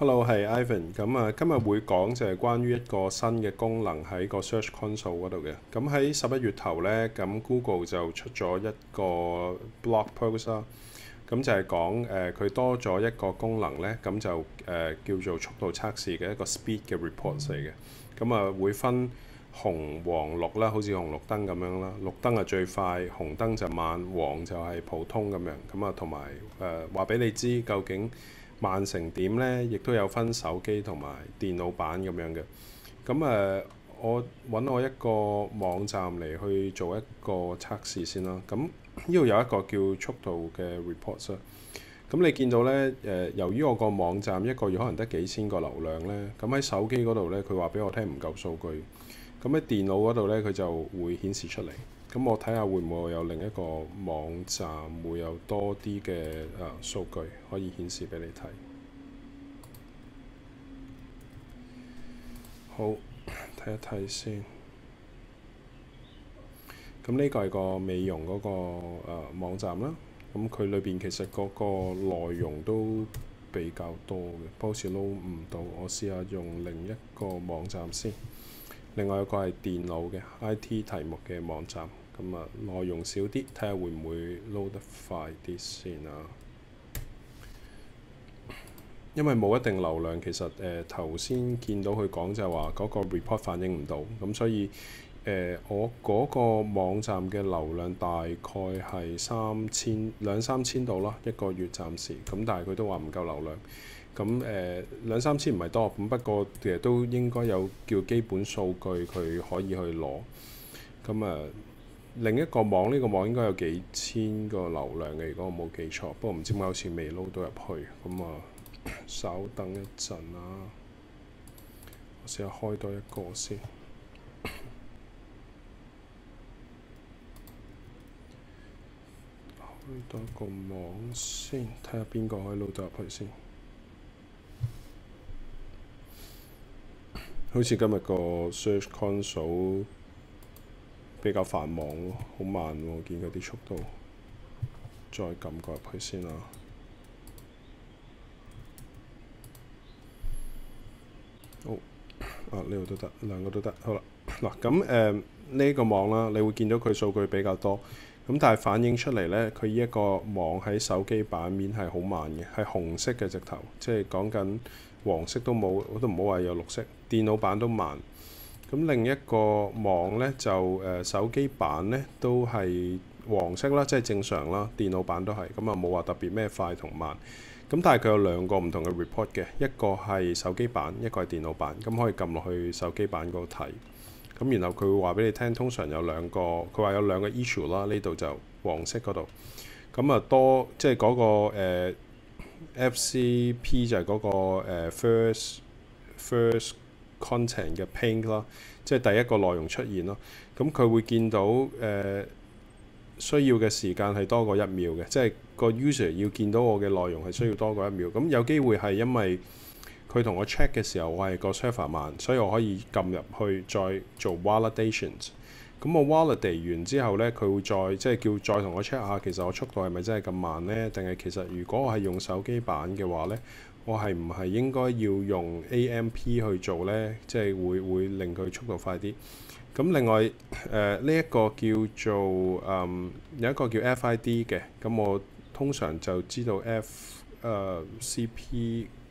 Hello，係 Ivan。咁啊，今日會講就係關於一個新嘅功能喺個 Search Console 度嘅。咁喺十一月頭呢，咁 Google 就出咗一個 Blog Post 啦。咁就係講誒，佢多咗一個功能呢，咁就誒、呃、叫做速度測試嘅一個 Speed 嘅 Report 嚟嘅。咁啊，會分紅、黃、綠啦，好似紅綠燈咁樣啦。綠燈係最快，紅燈就慢，黃就係普通咁樣。咁啊，同埋誒話俾你知究竟。慢成點咧，亦都有分手機同埋電腦版咁樣嘅。咁誒、呃，我揾我一個網站嚟去做一個測試先啦。咁呢度有一個叫速度嘅 report。咁你見到咧誒、呃，由於我個網站一個月可能得幾千個流量咧，咁喺手機嗰度咧，佢話俾我聽唔夠數據。咁喺電腦嗰度咧，佢就會顯示出嚟。咁我睇下會唔會有另一個網站會有多啲嘅誒數據可以顯示俾你睇。好，睇一睇先。咁呢個係個美容嗰個誒、呃、網站啦。咁佢裏邊其實嗰個內容都比較多嘅，不過好似撈唔到。我試下用另一個網站先。另外一個係電腦嘅 IT 題目嘅網站，咁啊，內容少啲，睇下會唔會 load 得快啲先啊？因為冇一定流量，其實誒頭先見到佢講就係話嗰個 report 反映唔到，咁所以誒、呃、我嗰個網站嘅流量大概係三千兩三千度啦，一個月暫時，咁但係佢都話唔夠流量。咁誒、呃、兩三千唔係多咁，不過其實都應該有叫基本數據，佢可以去攞。咁啊、呃，另一個網呢、呢個網應該有幾千個流量嘅，如果我冇記錯。不過唔知點解好似未撈到入去。咁啊、呃，稍等一陣啦、啊，我試下開多一個先，開多個網先，睇下邊個可以撈到入去先。好似今日個 Search Console 比較繁忙咯，好慢喎，見佢啲速度。再撳過入去先啦。好、哦，呢個都得，兩個都得。好啦，嗱咁誒呢個網啦，你會見到佢數據比較多，咁但係反映出嚟呢，佢呢一個網喺手機版面係好慢嘅，係紅色嘅直頭，即係講緊。黃色都冇，我都唔好話有綠色。電腦版都慢。咁另一個網呢，就誒、呃、手機版呢，都係黃色啦，即係正常啦。電腦版都係，咁啊冇話特別咩快同慢。咁但係佢有兩個唔同嘅 report 嘅，一個係手機版，一個係電腦版，咁可以撳落去手機版嗰度睇。咁然後佢會話俾你聽，通常有兩個，佢話有兩個 issue 啦。呢度就黃色嗰度，咁啊多即係嗰個、呃 FCP 就係嗰個 first first content 嘅 paint 咯，即係第一個內容出現咯。咁、嗯、佢會見到誒、呃、需要嘅時間係多過一秒嘅，即係個 user 要見到我嘅內容係需要多過一秒。咁、嗯嗯、有機會係因為佢同我 check 嘅時候，我係個 server 慢，所以我可以撳入去再做 validation。咁我 validate 完之後呢，佢會再即係叫再同我 check 下，其實我速度係咪真係咁慢呢？定係其實如果我係用手機版嘅話呢，我係唔係應該要用 AMP 去做呢？即係會會令佢速度快啲。咁另外誒，呢、呃這個嗯、一個叫做誒有一個叫 FID 嘅，咁我通常就知道 F、呃、CP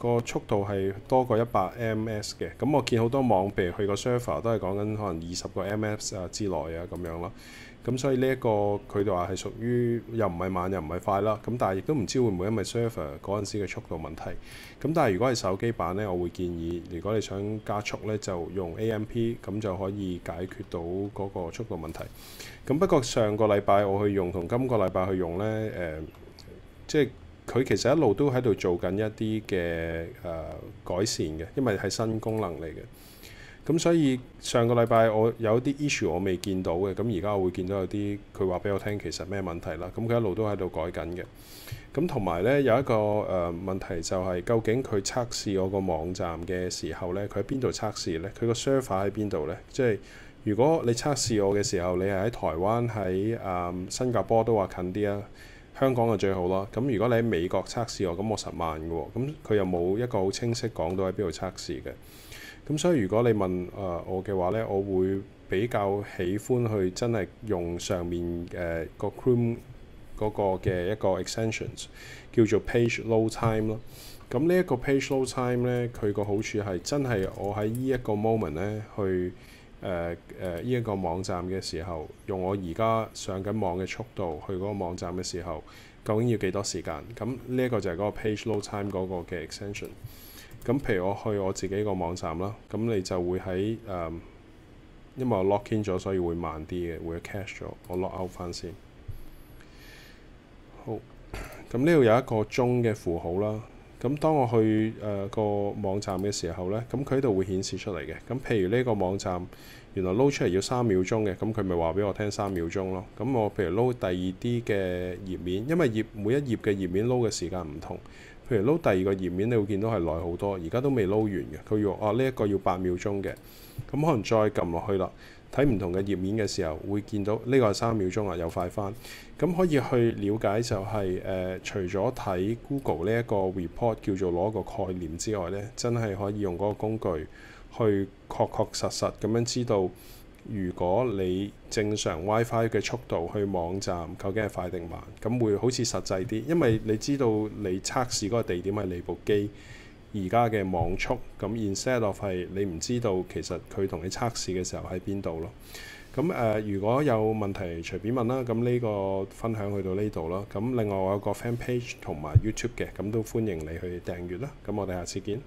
個速度係多過一百 ms 嘅，咁我見好多網，譬如去個 server 都係講緊可能二十個 ms 啊之內啊咁樣咯。咁所以呢、這、一個佢哋話係屬於又唔係慢又唔係快啦。咁但係亦都唔知會唔會因為 server 嗰陣時嘅速度問題。咁但係如果係手機版呢，我會建議如果你想加速呢，就用 AMP，咁就可以解決到嗰個速度問題。咁不過上個禮拜我去用同今個禮拜去用呢，誒、呃，即係。佢其實一路都喺度做緊一啲嘅誒改善嘅，因為係新功能嚟嘅。咁所以上個禮拜我有啲 issue 我未見到嘅，咁而家我會見到有啲佢話俾我聽，其實咩問題啦？咁佢一路都喺度改緊嘅。咁同埋呢，有一個誒、呃、問題就係、是，究竟佢測試我個網站嘅時候呢，佢喺邊度測試呢？佢個 server 喺邊度呢？即係如果你測試我嘅時候，你係喺台灣、喺誒、嗯、新加坡都話近啲啊。香港就最好咯。咁如果你喺美國測試我慢，咁我實慢㗎喎。咁佢又冇一個好清晰講到喺邊度測試嘅。咁所以如果你問誒我嘅話呢，我會比較喜歡去真係用上面誒、嗰個 Chrome 嗰個嘅一個 extensions 叫做 Page Load Time 咯。咁呢一個 Page Load Time 呢，佢個好處係真係我喺呢一個 moment 呢去。誒誒，呢一、呃呃這個網站嘅時候，用我而家上緊網嘅速度去嗰個網站嘅時候，究竟要幾多時間？咁呢一個就係嗰個 page load time 嗰個嘅 extension。咁譬如我去我自己個網站啦，咁你就會喺誒、呃，因為我 lock in 咗，所以會慢啲嘅，會 cache 咗。我 lock out 翻先。好，咁呢度有一個鐘嘅符號啦。咁當我去誒、呃那個網站嘅時候呢，咁佢喺度會顯示出嚟嘅。咁譬如呢個網站原來撈出嚟要三秒鐘嘅，咁佢咪話俾我聽三秒鐘咯。咁我譬如撈第二啲嘅頁面，因為頁每一頁嘅頁面撈嘅時間唔同。譬如撈第二個頁面，你會見到係耐好多，而家都未撈完嘅。佢要啊呢一、這個要八秒鐘嘅，咁可能再撳落去啦。睇唔同嘅頁面嘅時候，會見到呢個三秒鐘啊，又快翻。咁可以去了解就係誒，除咗睇 Google 呢一個 report 叫做攞個概念之外呢，真係可以用嗰個工具去確確實實咁樣知道，如果你正常 WiFi 嘅速度去網站究竟係快定慢，咁會好似實際啲，因為你知道你測試嗰個地點係你部機。而家嘅網速咁，install 落去你唔知道，其實佢同你測試嘅時候喺邊度咯。咁誒、呃，如果有問題隨便問啦。咁呢個分享去到呢度咯。咁另外我有個 fan page 同埋 YouTube 嘅，咁都歡迎你去訂閱啦。咁我哋下次見。